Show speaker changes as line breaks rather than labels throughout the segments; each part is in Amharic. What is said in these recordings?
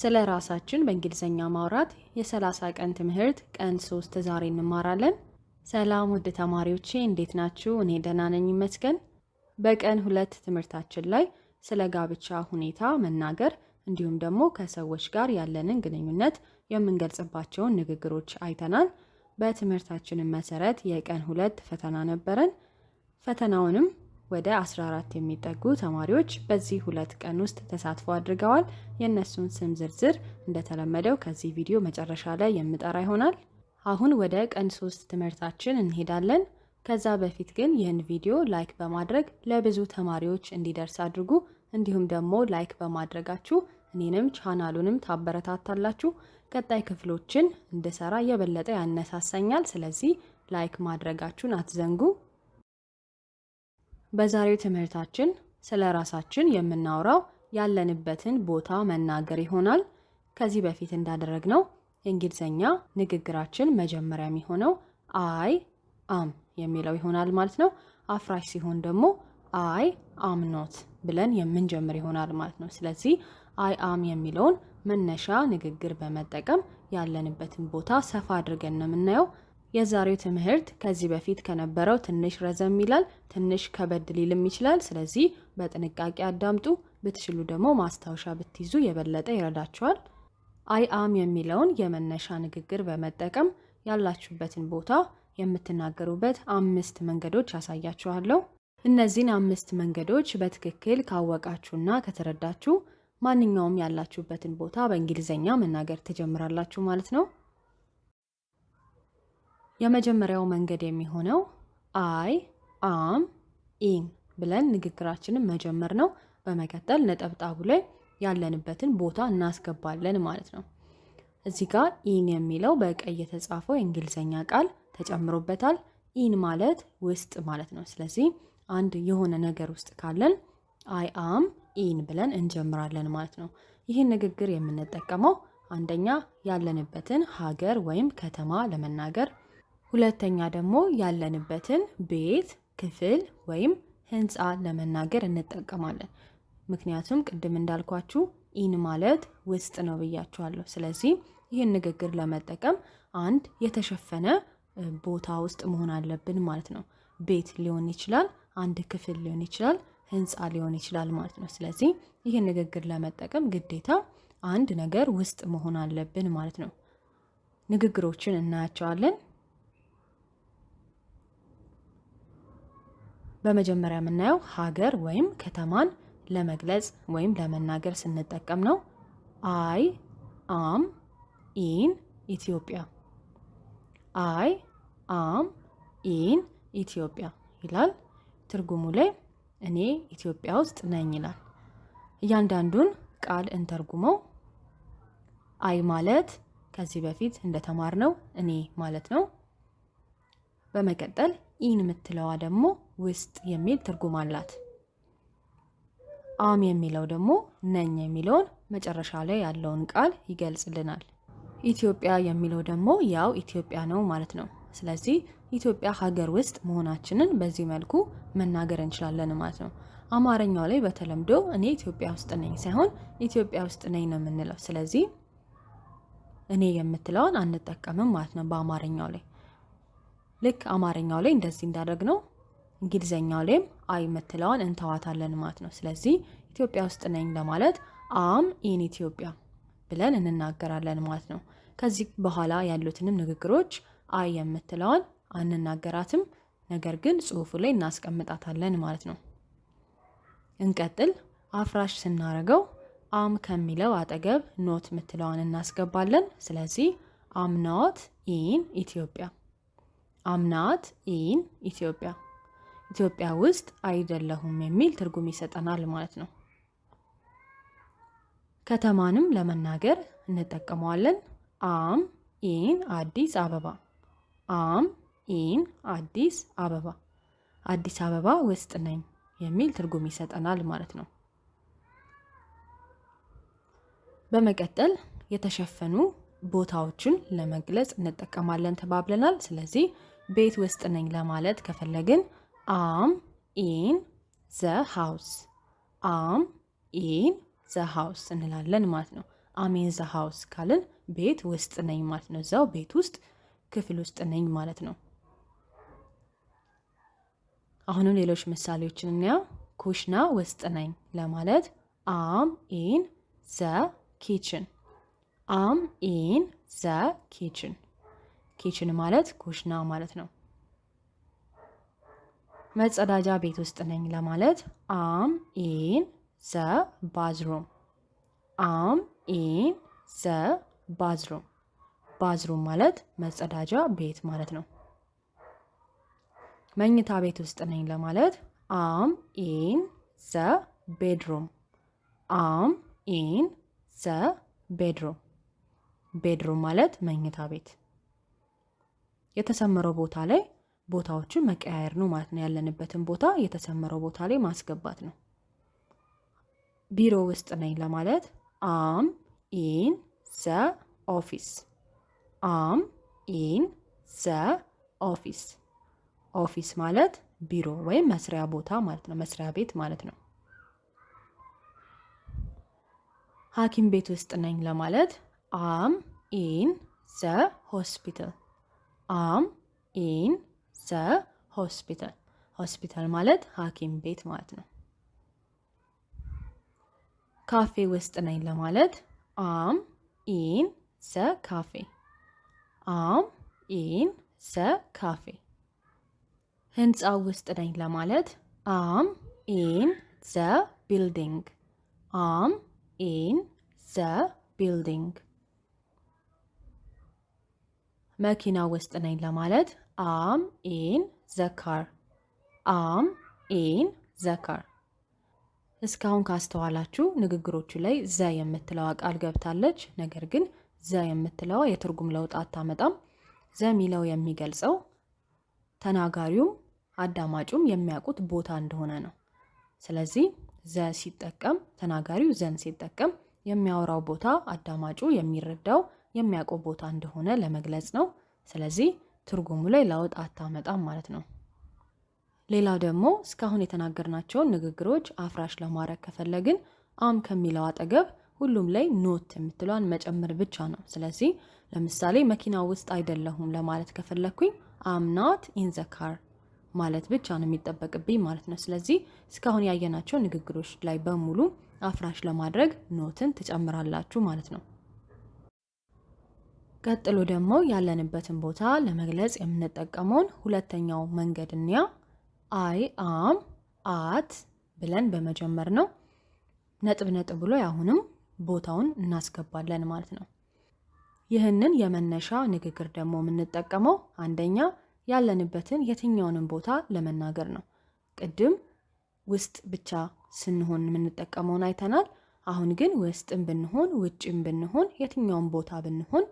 ስለ ራሳችን በእንግሊዝኛ ማውራት የ30 ቀን ትምህርት ቀን ሶስት ዛሬ እንማራለን። ሰላም ውድ ተማሪዎቼ እንዴት ናችሁ? እኔ ደህና ነኝ ይመስገን። በቀን ሁለት ትምህርታችን ላይ ስለ ጋብቻ ሁኔታ መናገር እንዲሁም ደግሞ ከሰዎች ጋር ያለንን ግንኙነት የምንገልጽባቸውን ንግግሮች አይተናል። በትምህርታችንም መሰረት የቀን ሁለት ፈተና ነበረን። ፈተናውንም ወደ 14 የሚጠጉ ተማሪዎች በዚህ ሁለት ቀን ውስጥ ተሳትፎ አድርገዋል። የእነሱን ስም ዝርዝር እንደተለመደው ከዚህ ቪዲዮ መጨረሻ ላይ የምጠራ ይሆናል። አሁን ወደ ቀን ሶስት ትምህርታችን እንሄዳለን። ከዛ በፊት ግን ይህን ቪዲዮ ላይክ በማድረግ ለብዙ ተማሪዎች እንዲደርስ አድርጉ። እንዲሁም ደግሞ ላይክ በማድረጋችሁ እኔንም ቻናሉንም ታበረታታላችሁ። ቀጣይ ክፍሎችን እንድሰራ የበለጠ ያነሳሳኛል። ስለዚህ ላይክ ማድረጋችሁን አትዘንጉ። በዛሬው ትምህርታችን ስለ ራሳችን የምናወራው ያለንበትን ቦታ መናገር ይሆናል። ከዚህ በፊት እንዳደረግነው የእንግሊዝኛ ንግግራችን መጀመሪያ የሚሆነው አይ አም የሚለው ይሆናል ማለት ነው። አፍራሽ ሲሆን ደግሞ አይ አም ኖት ብለን የምንጀምር ይሆናል ማለት ነው። ስለዚህ አይ አም የሚለውን መነሻ ንግግር በመጠቀም ያለንበትን ቦታ ሰፋ አድርገን ነው የምናየው። የዛሬው ትምህርት ከዚህ በፊት ከነበረው ትንሽ ረዘም ይላል፣ ትንሽ ከበድ ሊልም ይችላል። ስለዚህ በጥንቃቄ አዳምጡ። ብትችሉ ደግሞ ማስታወሻ ብትይዙ የበለጠ ይረዳችኋል። አይ አም የሚለውን የመነሻ ንግግር በመጠቀም ያላችሁበትን ቦታ የምትናገሩበት አምስት መንገዶች ያሳያችኋለሁ። እነዚህን አምስት መንገዶች በትክክል ካወቃችሁና ከተረዳችሁ ማንኛውም ያላችሁበትን ቦታ በእንግሊዝኛ መናገር ትጀምራላችሁ ማለት ነው። የመጀመሪያው መንገድ የሚሆነው አይ አም ኢን ብለን ንግግራችንን መጀመር ነው። በመቀጠል ነጠብጣቡ ላይ ያለንበትን ቦታ እናስገባለን ማለት ነው። እዚህ ጋር ኢን የሚለው በቀይ የተጻፈው የእንግሊዝኛ ቃል ተጨምሮበታል። ኢን ማለት ውስጥ ማለት ነው። ስለዚህ አንድ የሆነ ነገር ውስጥ ካለን አይ አም ኢን ብለን እንጀምራለን ማለት ነው። ይህን ንግግር የምንጠቀመው አንደኛ ያለንበትን ሀገር ወይም ከተማ ለመናገር ሁለተኛ ደግሞ ያለንበትን ቤት፣ ክፍል ወይም ህንፃ ለመናገር እንጠቀማለን። ምክንያቱም ቅድም እንዳልኳችሁ ኢን ማለት ውስጥ ነው ብያችኋለሁ። ስለዚህ ይህን ንግግር ለመጠቀም አንድ የተሸፈነ ቦታ ውስጥ መሆን አለብን ማለት ነው። ቤት ሊሆን ይችላል፣ አንድ ክፍል ሊሆን ይችላል፣ ህንፃ ሊሆን ይችላል ማለት ነው። ስለዚህ ይህን ንግግር ለመጠቀም ግዴታ አንድ ነገር ውስጥ መሆን አለብን ማለት ነው። ንግግሮችን እናያቸዋለን። በመጀመሪያ የምናየው ሀገር ወይም ከተማን ለመግለጽ ወይም ለመናገር ስንጠቀም ነው። አይ አም ኢን ኢትዮጵያ፣ አይ አም ኢን ኢትዮጵያ ይላል። ትርጉሙ ላይ እኔ ኢትዮጵያ ውስጥ ነኝ ይላል። እያንዳንዱን ቃል እንተርጉመው። አይ ማለት ከዚህ በፊት እንደተማርነው እኔ ማለት ነው። በመቀጠል ኢን የምትለዋ ደግሞ ውስጥ የሚል ትርጉም አላት። አም የሚለው ደግሞ ነኝ የሚለውን መጨረሻ ላይ ያለውን ቃል ይገልጽልናል። ኢትዮጵያ የሚለው ደግሞ ያው ኢትዮጵያ ነው ማለት ነው። ስለዚህ ኢትዮጵያ ሀገር ውስጥ መሆናችንን በዚህ መልኩ መናገር እንችላለን ማለት ነው። አማርኛው ላይ በተለምዶ እኔ ኢትዮጵያ ውስጥ ነኝ ሳይሆን ኢትዮጵያ ውስጥ ነኝ ነው የምንለው። ስለዚህ እኔ የምትለውን አንጠቀምም ማለት ነው በአማርኛው ላይ ልክ አማርኛው ላይ እንደዚህ እንዳደረግ ነው እንግሊዘኛው ላይም አይ የምትለዋን እንተዋታለን ማለት ነው። ስለዚህ ኢትዮጵያ ውስጥ ነኝ ለማለት አም ኢን ኢትዮጵያ ብለን እንናገራለን ማለት ነው። ከዚህ በኋላ ያሉትንም ንግግሮች አይ የምትለዋን አንናገራትም፣ ነገር ግን ጽሁፉ ላይ እናስቀምጣታለን ማለት ነው። እንቀጥል። አፍራሽ ስናረገው አም ከሚለው አጠገብ ኖት የምትለዋን እናስገባለን። ስለዚህ አምናት ኢን ኢትዮጵያ፣ አምናት ኢን ኢትዮጵያ ኢትዮጵያ ውስጥ አይደለሁም የሚል ትርጉም ይሰጠናል ማለት ነው። ከተማንም ለመናገር እንጠቀመዋለን። አም ኢን አዲስ አበባ፣ አም ኢን አዲስ አበባ፣ አዲስ አበባ ውስጥ ነኝ የሚል ትርጉም ይሰጠናል ማለት ነው። በመቀጠል የተሸፈኑ ቦታዎችን ለመግለጽ እንጠቀማለን ተባብለናል። ስለዚህ ቤት ውስጥ ነኝ ለማለት ከፈለግን አም ኢን ዘ ሃውስ አም ኢን ዘ ሃውስ እንላለን ማለት ነው። አሜን ዘ ሃውስ ካልን ቤት ውስጥ ነኝ ማለት ነው። እዛው ቤት ውስጥ ክፍል ውስጥ ነኝ ማለት ነው። አሁንም ሌሎች ምሳሌዎችን እንያ። ኩሽና ውስጥ ነኝ ለማለት አም ኢን ዘ ኪችን፣ አም ኢን ዘ ኪችን። ኪችን ማለት ኩሽና ማለት ነው። መጸዳጃ ቤት ውስጥ ነኝ ለማለት አም ኢን ዘ ባዝሩም፣ አም ኢን ዘ ባዝሩም። ባዝሩም ማለት መጸዳጃ ቤት ማለት ነው። መኝታ ቤት ውስጥ ነኝ ለማለት አም ኢን ዘ ቤድሩም፣ አም ኢን ዘ ቤድሩም። ቤድሩም ማለት መኝታ ቤት የተሰመረው ቦታ ላይ ቦታዎችን መቀያየር ነው ማለት ነው። ያለንበትን ቦታ የተሰመረው ቦታ ላይ ማስገባት ነው። ቢሮ ውስጥ ነኝ ለማለት አም ኢን ዘ ኦፊስ፣ አም ኢን ዘ ኦፊስ። ኦፊስ ማለት ቢሮ ወይም መስሪያ ቦታ ማለት ነው፣ መስሪያ ቤት ማለት ነው። ሐኪም ቤት ውስጥ ነኝ ለማለት አም ኢን ዘ ሆስፒታል፣ አም ኢን ዘ ሆስፒታል። ሆስፒታል ማለት ሐኪም ቤት ማለት ነው። ካፌ ውስጥ ነኝ ለማለት አም ኢን ዘ ካፌ። አም ኢን ዘ ካፌ። ህንፃ ውስጥ ነኝ ለማለት አም ኢን ዘ ቢልዲንግ። አም ኢን ዘ ቢልዲንግ። መኪና ውስጥ ነኝ ለማለት አም ኢን ዘካር አም ኢን ዘካር። እስካሁን ካስተዋላችሁ ንግግሮቹ ላይ ዘ የምትለዋ ቃል ገብታለች። ነገር ግን ዘ የምትለዋ የትርጉም ለውጥ አታመጣም። ዘ ሚለው የሚገልጸው ተናጋሪውም አዳማጩም የሚያውቁት ቦታ እንደሆነ ነው። ስለዚህ ዘ ሲጠቀም ተናጋሪው ዘን ሲጠቀም የሚያወራው ቦታ አዳማጩ የሚረዳው የሚያውቀው ቦታ እንደሆነ ለመግለጽ ነው። ስለዚህ ትርጉሙ ላይ ለውጥ አታመጣም ማለት ነው። ሌላው ደግሞ እስካሁን የተናገርናቸውን ንግግሮች አፍራሽ ለማድረግ ከፈለግን አም ከሚለው አጠገብ ሁሉም ላይ ኖት የምትለዋን መጨመር ብቻ ነው። ስለዚህ ለምሳሌ መኪና ውስጥ አይደለሁም ለማለት ከፈለግኩኝ አም ናት ኢን ዘ ካር ማለት ብቻ ነው የሚጠበቅብኝ ማለት ነው። ስለዚህ እስካሁን ያየናቸው ንግግሮች ላይ በሙሉ አፍራሽ ለማድረግ ኖትን ትጨምራላችሁ ማለት ነው። ቀጥሎ ደግሞ ያለንበትን ቦታ ለመግለጽ የምንጠቀመውን ሁለተኛው መንገድ እንያ። አይ አም አት ብለን በመጀመር ነው። ነጥብ ነጥብ ብሎ አሁንም ቦታውን እናስገባለን ማለት ነው። ይህንን የመነሻ ንግግር ደግሞ የምንጠቀመው አንደኛ ያለንበትን የትኛውንም ቦታ ለመናገር ነው። ቅድም ውስጥ ብቻ ስንሆን የምንጠቀመውን አይተናል። አሁን ግን ውስጥም ብንሆን ውጭም ብንሆን የትኛውን ቦታ ብንሆን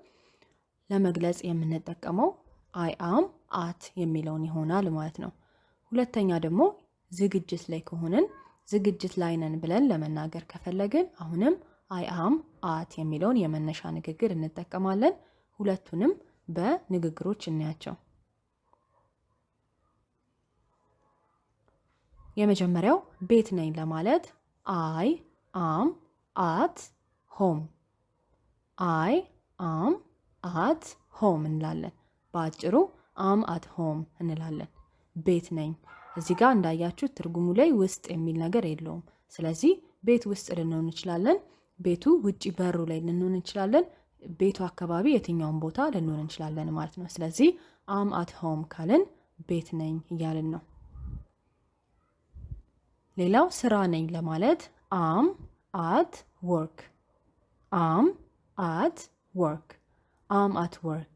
ለመግለጽ የምንጠቀመው አይ አም አት የሚለውን ይሆናል ማለት ነው። ሁለተኛ ደግሞ ዝግጅት ላይ ከሆንን ዝግጅት ላይ ነን ብለን ለመናገር ከፈለግን አሁንም አይ አም አት የሚለውን የመነሻ ንግግር እንጠቀማለን። ሁለቱንም በንግግሮች እናያቸው። የመጀመሪያው ቤት ነኝ ለማለት አይ አም አት ሆም። አይ አም አት ሆም እንላለን። በአጭሩ አም አት ሆም እንላለን። ቤት ነኝ። እዚህ ጋር እንዳያችሁት ትርጉሙ ላይ ውስጥ የሚል ነገር የለውም። ስለዚህ ቤት ውስጥ ልንሆን እንችላለን። ቤቱ ውጪ በሩ ላይ ልንሆን እንችላለን። ቤቱ አካባቢ የትኛውን ቦታ ልንሆን እንችላለን ማለት ነው። ስለዚህ አም አት ሆም ካልን ቤት ነኝ እያልን ነው። ሌላው ስራ ነኝ ለማለት አም አት ወርክ፣ አም አት ወርክ አም አት ወርክ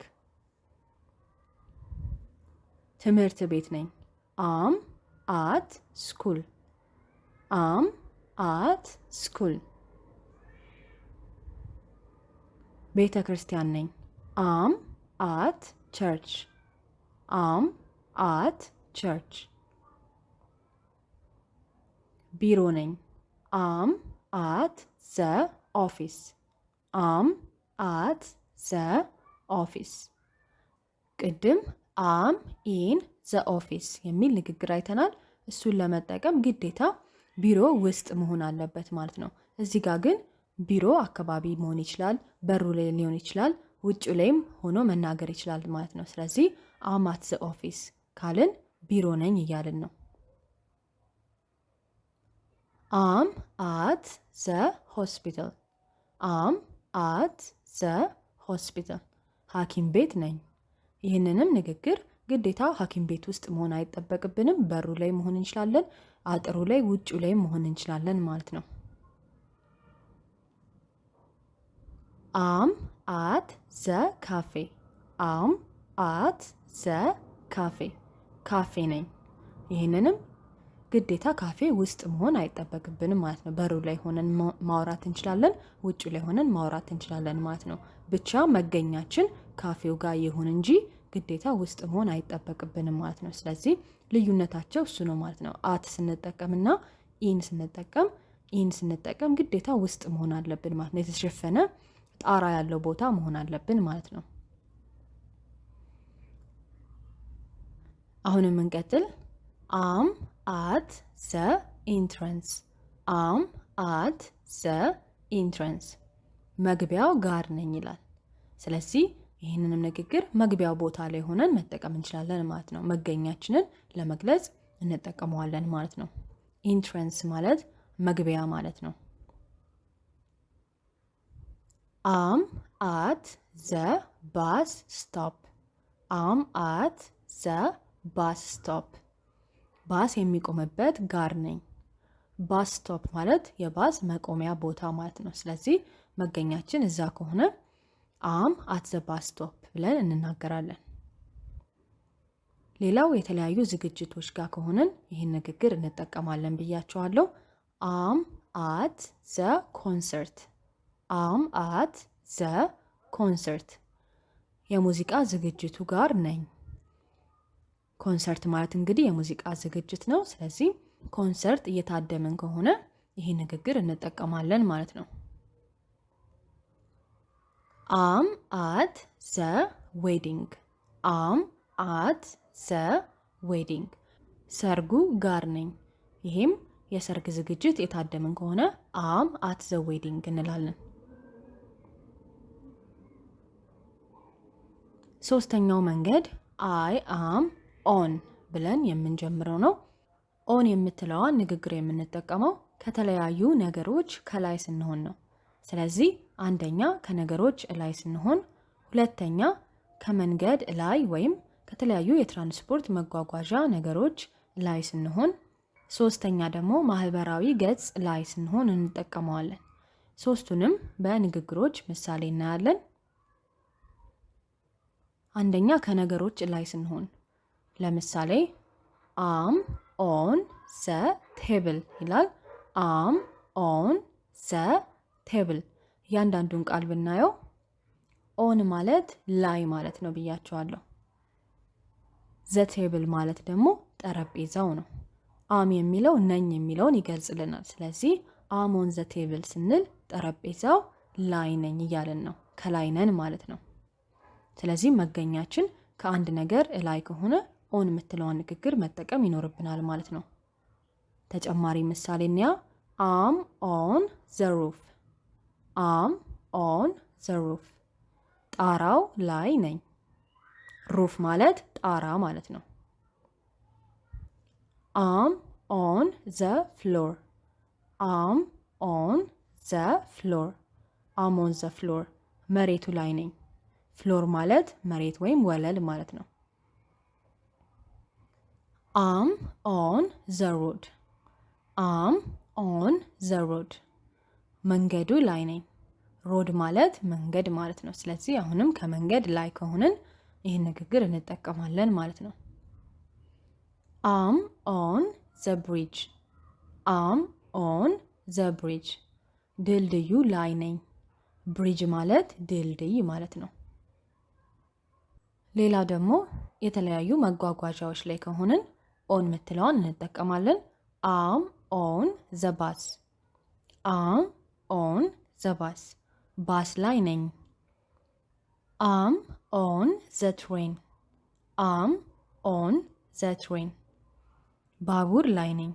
ትምህርት ቤት ነኝ። አም አት ስኩል አም አት ስኩል ቤተ ክርስቲያን ነኝ። አም አት ቸርች አም አት ቸርች ቢሮ ነኝ። አም አት ዘ ኦፊስ አም አት ዘ ኦፊስ። ቅድም አም ኢን ዘ ኦፊስ የሚል ንግግር አይተናል። እሱን ለመጠቀም ግዴታ ቢሮ ውስጥ መሆን አለበት ማለት ነው። እዚህ ጋር ግን ቢሮ አካባቢ መሆን ይችላል፣ በሩ ላይ ሊሆን ይችላል፣ ውጭ ላይም ሆኖ መናገር ይችላል ማለት ነው። ስለዚህ አም አት ዘ ኦፊስ ካልን ቢሮ ነኝ እያልን ነው። አም አት ዘ ሆስፒታል። አም አት ዘ ሆስፒታል ሐኪም ቤት ነኝ። ይህንንም ንግግር ግዴታ ሐኪም ቤት ውስጥ መሆን አይጠበቅብንም። በሩ ላይ መሆን እንችላለን፣ አጥሩ ላይ፣ ውጩ ላይ መሆን እንችላለን ማለት ነው። አም አት ዘ ካፌ አም አት ዘ ካፌ ካፌ ነኝ። ይህንንም ግዴታ ካፌ ውስጥ መሆን አይጠበቅብንም ማለት ነው። በሩ ላይ ሆነን ማውራት እንችላለን፣ ውጭ ላይ ሆነን ማውራት እንችላለን ማለት ነው። ብቻ መገኛችን ካፌው ጋር ይሁን እንጂ ግዴታ ውስጥ መሆን አይጠበቅብንም ማለት ነው። ስለዚህ ልዩነታቸው እሱ ነው ማለት ነው። አት ስንጠቀምና ኢን ስንጠቀም ኢን ስንጠቀም ግዴታ ውስጥ መሆን አለብን ማለት ነው። የተሸፈነ ጣራ ያለው ቦታ መሆን አለብን ማለት ነው። አሁንም እንቀጥል። አም አት ዘ ኢንትረንስ አም አት ዘ ኢንትረንስ መግቢያው ጋር ነኝ ይላል። ስለዚህ ይህንንም ንግግር መግቢያው ቦታ ላይ ሆነን መጠቀም እንችላለን ማለት ነው። መገኛችንን ለመግለጽ እንጠቀመዋለን ማለት ነው። ኢንትረንስ ማለት መግቢያ ማለት ነው። አም አት ዘ ባስ ስቶፕ አም አት ዘ ባስ ስቶፕ ባስ የሚቆምበት ጋር ነኝ። ባስ ስቶፕ ማለት የባስ መቆሚያ ቦታ ማለት ነው። ስለዚህ መገኛችን እዛ ከሆነ አም አት ዘ ባስ ስቶፕ ብለን እንናገራለን። ሌላው የተለያዩ ዝግጅቶች ጋር ከሆንን ይህን ንግግር እንጠቀማለን ብያቸዋለሁ። አም አት ዘ ኮንሰርት፣ አም አት ዘ ኮንሰርት የሙዚቃ ዝግጅቱ ጋር ነኝ። ኮንሰርት ማለት እንግዲህ የሙዚቃ ዝግጅት ነው። ስለዚህ ኮንሰርት እየታደምን ከሆነ ይሄ ንግግር እንጠቀማለን ማለት ነው። አም አት ዘ ዌዲንግ፣ አም አት ዘ ዌዲንግ፣ ሰርጉ ጋር ነኝ። ይሄም የሰርግ ዝግጅት የታደምን ከሆነ አም አት ዘ ዌዲንግ እንላለን። ሶስተኛው መንገድ አይ አም ኦን ብለን የምንጀምረው ነው። ኦን የምትለዋን ንግግር የምንጠቀመው ከተለያዩ ነገሮች ከላይ ስንሆን ነው። ስለዚህ አንደኛ ከነገሮች እላይ ስንሆን፣ ሁለተኛ ከመንገድ እላይ ወይም ከተለያዩ የትራንስፖርት መጓጓዣ ነገሮች ላይ ስንሆን፣ ሶስተኛ ደግሞ ማህበራዊ ገጽ ላይ ስንሆን እንጠቀመዋለን። ሶስቱንም በንግግሮች ምሳሌ እናያለን። አንደኛ ከነገሮች ላይ ስንሆን ለምሳሌ አም ኦን ዘ ቴብል ይላል። አም ኦን ዘ ቴብል። እያንዳንዱን ቃል ብናየው ኦን ማለት ላይ ማለት ነው ብያቸዋለሁ። ዘ ቴብል ማለት ደግሞ ጠረጴዛው ነው። አም የሚለው ነኝ የሚለውን ይገልጽልናል። ስለዚህ አም ኦን ዘ ቴብል ስንል ጠረጴዛው ላይ ነኝ እያልን ነው። ከላይ ነን ማለት ነው። ስለዚህ መገኛችን ከአንድ ነገር ላይ ከሆነ ኦን የምትለዋን ንግግር መጠቀም ይኖርብናል ማለት ነው። ተጨማሪ ምሳሌ እንያ። አም ኦን ዘሩፍ፣ አም ኦን ዘሩፍ፣ ጣራው ላይ ነኝ። ሩፍ ማለት ጣራ ማለት ነው። አም ኦን ዘ ፍሎር፣ አም ኦን ዘ ፍሎር፣ አም ኦን ዘ ፍሎር፣ መሬቱ ላይ ነኝ። ፍሎር ማለት መሬት ወይም ወለል ማለት ነው። አም ኦን ዘ ሮድ አም ኦን ዘ ሮድ መንገዱ ላይ ነኝ። ሮድ ማለት መንገድ ማለት ነው። ስለዚህ አሁንም ከመንገድ ላይ ከሆንን ይህን ንግግር እንጠቀማለን ማለት ነው። አም ኦን ዘ ብሪጅ አም ኦን ዘ ብሪጅ ድልድዩ ላይ ነኝ። ብሪጅ ማለት ድልድይ ማለት ነው። ሌላው ደግሞ የተለያዩ መጓጓዣዎች ላይ ከሆንን ኦን የምትለዋን እንጠቀማለን። አም ኦን ዘ ባስ፣ አም ኦን ዘ ባስ፣ ባስ ላይ ነኝ። አም ኦን ዘ ትሬን፣ አም ኦን ዘ ትሬን፣ ባቡር ላይ ነኝ።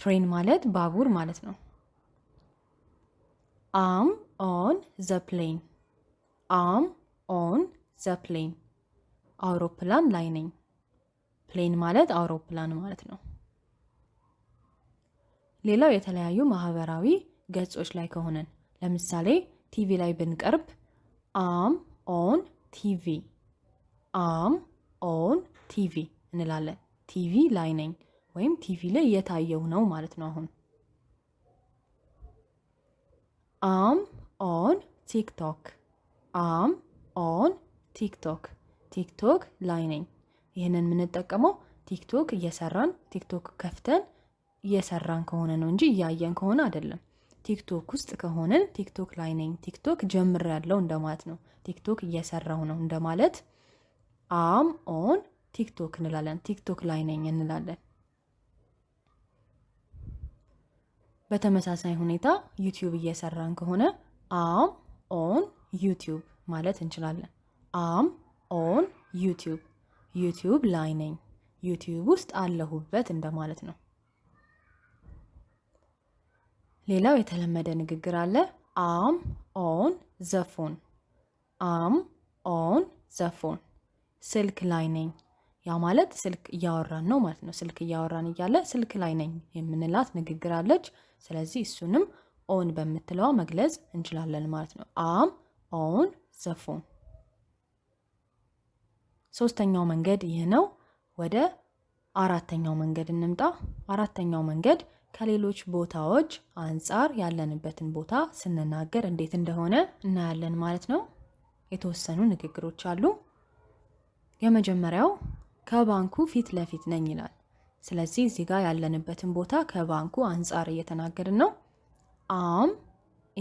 ትሬን ማለት ባቡር ማለት ነው። አም ኦን ዘ ፕሌን፣ አም ኦን ዘ ፕሌን፣ አውሮፕላን ላይ ነኝ። ፕሌን ማለት አውሮፕላን ማለት ነው። ሌላው የተለያዩ ማህበራዊ ገጾች ላይ ከሆነን ለምሳሌ ቲቪ ላይ ብንቀርብ አም ኦን ቲቪ አም ኦን ቲቪ እንላለን። ቲቪ ላይ ነኝ ወይም ቲቪ ላይ እየታየው ነው ማለት ነው። አሁን አም ኦን ቲክቶክ አም ኦን ቲክቶክ ቲክቶክ ላይ ነኝ። ይህንን የምንጠቀመው ቲክቶክ እየሰራን ቲክቶክ ከፍተን እየሰራን ከሆነ ነው እንጂ እያየን ከሆነ አይደለም። ቲክቶክ ውስጥ ከሆነን ቲክቶክ ላይ ነኝ፣ ቲክቶክ ጀምሬያለሁ እንደማለት ነው። ቲክቶክ እየሰራሁ ነው እንደማለት አም ኦን ቲክቶክ እንላለን። ቲክቶክ ላይ ነኝ እንላለን። በተመሳሳይ ሁኔታ ዩቲዩብ እየሰራን ከሆነ አም ኦን ዩቲዩብ ማለት እንችላለን። አም ኦን ዩቲዩብ ዩቲዩብ ላይ ነኝ። ዩቲዩብ ውስጥ አለሁበት እንደማለት ነው። ሌላው የተለመደ ንግግር አለ። አም ኦን ዘፎን፣ አም ኦን ዘፎን፣ ስልክ ላይ ነኝ። ያ ማለት ስልክ እያወራን ነው ማለት ነው። ስልክ እያወራን እያለ ስልክ ላይ ነኝ የምንላት ንግግር አለች። ስለዚህ እሱንም ኦን በምትለዋ መግለጽ እንችላለን ማለት ነው። አም ኦን ዘፎን ሶስተኛው መንገድ ይህ ነው። ወደ አራተኛው መንገድ እንምጣ። አራተኛው መንገድ ከሌሎች ቦታዎች አንጻር ያለንበትን ቦታ ስንናገር እንዴት እንደሆነ እናያለን ማለት ነው። የተወሰኑ ንግግሮች አሉ። የመጀመሪያው ከባንኩ ፊት ለፊት ነኝ ይላል። ስለዚህ እዚህ ጋር ያለንበትን ቦታ ከባንኩ አንጻር እየተናገርን ነው። አም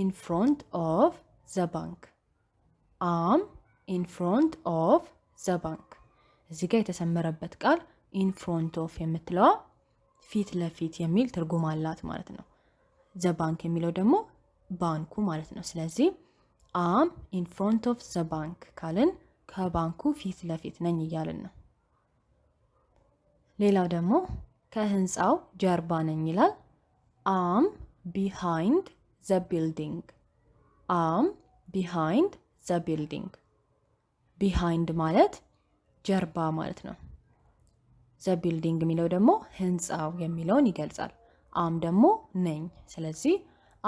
ኢን ፍሮንት ኦፍ ዘ ባንክ፣ አም ኢን ፍሮንት ኦፍ ዘ ባንክ። እዚ ጋ የተሰመረበት ቃል ኢን ፍሮንት ኦፍ የምትለዋ ፊት ለፊት የሚል ትርጉም አላት ማለት ነው። ዘ ባንክ የሚለው ደግሞ ባንኩ ማለት ነው። ስለዚህ አም ኢን ፍሮንት ኦፍ ዘ ባንክ ካልን ከባንኩ ፊት ለፊት ነኝ እያልን ነው። ሌላው ደግሞ ከህንፃው ጀርባ ነኝ ይላል። አም ቢሃይንድ ዘ ቢልዲንግ። አም ቢሃይንድ ዘ ቢልዲንግ ቢሃይንድ ማለት ጀርባ ማለት ነው። ዘ ቢልዲንግ የሚለው ደግሞ ህንፃው የሚለውን ይገልጻል። አም ደግሞ ነኝ። ስለዚህ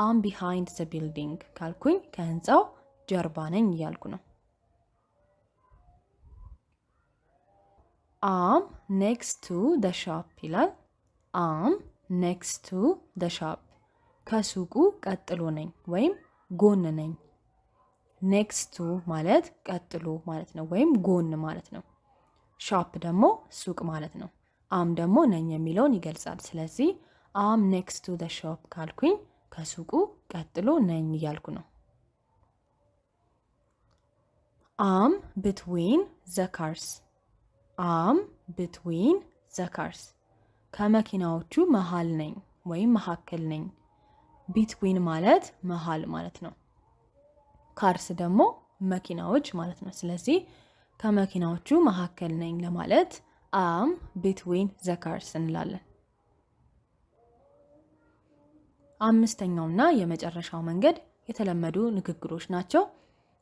አም ቢሃይንድ ዘ ቢልዲንግ ካልኩኝ ከህንፃው ጀርባ ነኝ እያልኩ ነው። አም ኔክስት ቱ ደ ሻፕ ይላል። አም ኔክስት ቱ ደ ሻፕ ከሱቁ ቀጥሎ ነኝ ወይም ጎን ነኝ ኔክስት ቱ ማለት ቀጥሎ ማለት ነው፣ ወይም ጎን ማለት ነው። ሻፕ ደግሞ ሱቅ ማለት ነው። አም ደግሞ ነኝ የሚለውን ይገልጻል። ስለዚህ አም ኔክስት ቱ ሻፕ ካልኩኝ ከሱቁ ቀጥሎ ነኝ እያልኩ ነው። አም ብትዊን ዘካርስ አም ብትዊን ዘካርስ ከመኪናዎቹ መሃል ነኝ ወይም መካከል ነኝ። ቢትዊን ማለት መሃል ማለት ነው። ካርስ ደግሞ መኪናዎች ማለት ነው። ስለዚህ ከመኪናዎቹ መካከል ነኝ ለማለት አም ቢትዊን ዘ ካርስ እንላለን። አምስተኛውና የመጨረሻው መንገድ የተለመዱ ንግግሮች ናቸው።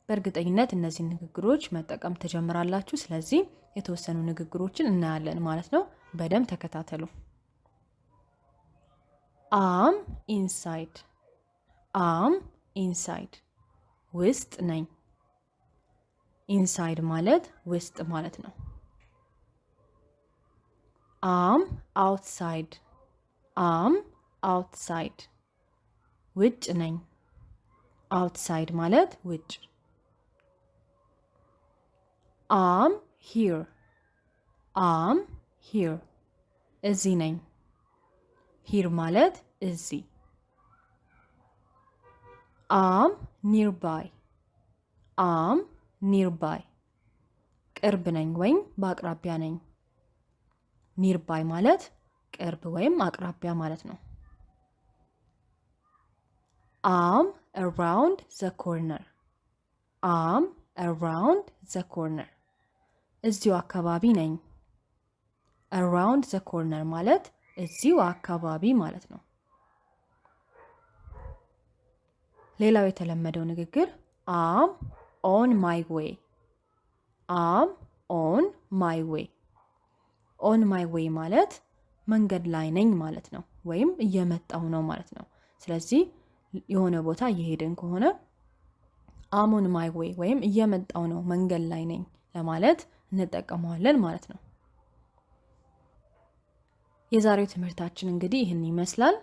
በእርግጠኝነት እነዚህን ንግግሮች መጠቀም ትጀምራላችሁ። ስለዚህ የተወሰኑ ንግግሮችን እናያለን ማለት ነው። በደንብ ተከታተሉ። አም ኢንሳይድ፣ አም ኢንሳይድ ውስጥ ነኝ። ኢንሳይድ ማለት ውስጥ ማለት ነው። አም አውትሳይድ አም አውትሳይድ ውጭ ነኝ። አውትሳይድ ማለት ውጭ። አም ሂር አም ሂር እዚህ ነኝ። ሂር ማለት እዚህ አም ኒርባይ አም ኒርባይ ቅርብ ነኝ ወይም በአቅራቢያ ነኝ። ኒርባይ ማለት ቅርብ ወይም አቅራቢያ ማለት ነው። አም አራውንድ ዘ ኮርነር አም አራውንድ ዘ ኮርነር እዚሁ አካባቢ ነኝ። አራውንድ ዘ ኮርነር ማለት እዚሁ አካባቢ ማለት ነው። ሌላው የተለመደው ንግግር አም ኦን ማይ ዌይ፣ አም ኦን ማይ ዌይ። ኦን ማይ ዌይ ማለት መንገድ ላይ ነኝ ማለት ነው፣ ወይም እየመጣሁ ነው ማለት ነው። ስለዚህ የሆነ ቦታ እየሄድን ከሆነ አም ኦን ማይ ዌይ ወይም እየመጣሁ ነው መንገድ ላይ ነኝ ለማለት እንጠቀመዋለን ማለት ነው። የዛሬው ትምህርታችን እንግዲህ ይህን ይመስላል።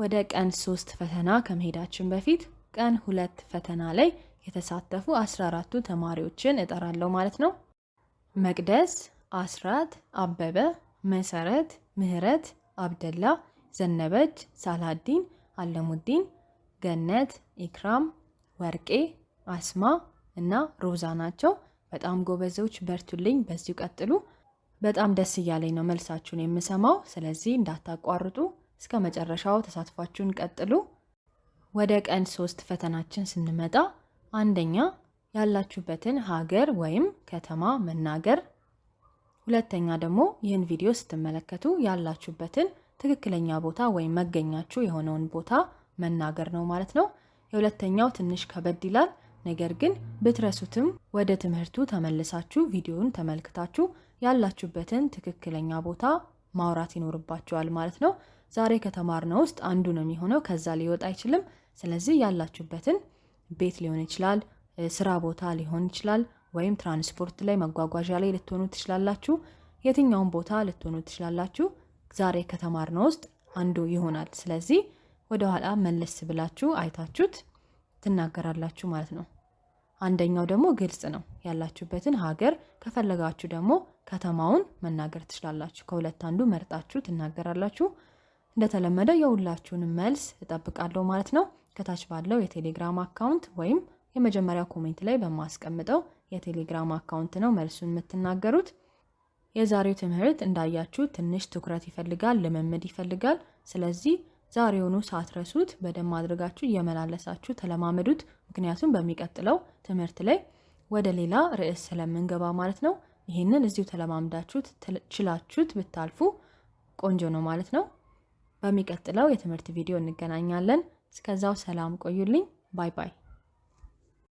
ወደ ቀን ሶስት ፈተና ከመሄዳችን በፊት ቀን ሁለት ፈተና ላይ የተሳተፉ አስራ አራቱ ተማሪዎችን እጠራለሁ ማለት ነው። መቅደስ፣ አስራት፣ አበበ፣ መሰረት፣ ምህረት፣ አብደላ፣ ዘነበች፣ ሳላዲን፣ አለሙዲን፣ ገነት፣ ኢክራም፣ ወርቄ፣ አስማ እና ሮዛ ናቸው። በጣም ጎበዞች፣ በርቱልኝ፣ በዚሁ ቀጥሉ። በጣም ደስ እያለኝ ነው መልሳችሁን የምሰማው። ስለዚህ እንዳታቋርጡ እስከ መጨረሻው ተሳትፏችሁን ቀጥሉ። ወደ ቀን ሶስት ፈተናችን ስንመጣ አንደኛ ያላችሁበትን ሀገር ወይም ከተማ መናገር፣ ሁለተኛ ደግሞ ይህን ቪዲዮ ስትመለከቱ ያላችሁበትን ትክክለኛ ቦታ ወይም መገኛችሁ የሆነውን ቦታ መናገር ነው ማለት ነው። የሁለተኛው ትንሽ ከበድ ይላል። ነገር ግን ብትረሱትም ወደ ትምህርቱ ተመልሳችሁ ቪዲዮውን ተመልክታችሁ ያላችሁበትን ትክክለኛ ቦታ ማውራት ይኖርባችኋል ማለት ነው። ዛሬ ከተማርነው ውስጥ አንዱ ነው የሚሆነው። ከዛ ሊወጣ አይችልም። ስለዚህ ያላችሁበትን ቤት ሊሆን ይችላል፣ ስራ ቦታ ሊሆን ይችላል፣ ወይም ትራንስፖርት ላይ መጓጓዣ ላይ ልትሆኑ ትችላላችሁ። የትኛውን ቦታ ልትሆኑ ትችላላችሁ። ዛሬ ከተማርነው ውስጥ አንዱ ይሆናል። ስለዚህ ወደኋላ መለስ ብላችሁ አይታችሁት ትናገራላችሁ ማለት ነው። አንደኛው ደግሞ ግልጽ ነው። ያላችሁበትን ሀገር ከፈለጋችሁ ደግሞ ከተማውን መናገር ትችላላችሁ። ከሁለት አንዱ መርጣችሁ ትናገራላችሁ። እንደተለመደው የሁላችሁንም መልስ እጠብቃለሁ ማለት ነው። ከታች ባለው የቴሌግራም አካውንት ወይም የመጀመሪያ ኮሜንት ላይ በማስቀምጠው የቴሌግራም አካውንት ነው መልሱን የምትናገሩት። የዛሬው ትምህርት እንዳያችሁ ትንሽ ትኩረት ይፈልጋል፣ ልምምድ ይፈልጋል። ስለዚህ ዛሬውኑ ሳትረሱት በደንብ አድርጋችሁ እየመላለሳችሁ ተለማመዱት። ምክንያቱም በሚቀጥለው ትምህርት ላይ ወደ ሌላ ርዕስ ስለምንገባ ማለት ነው። ይህንን እዚሁ ተለማምዳችሁት ችላችሁት ብታልፉ ቆንጆ ነው ማለት ነው። በሚቀጥለው የትምህርት ቪዲዮ እንገናኛለን። እስከዛው ሰላም ቆዩልኝ። ባይ ባይ።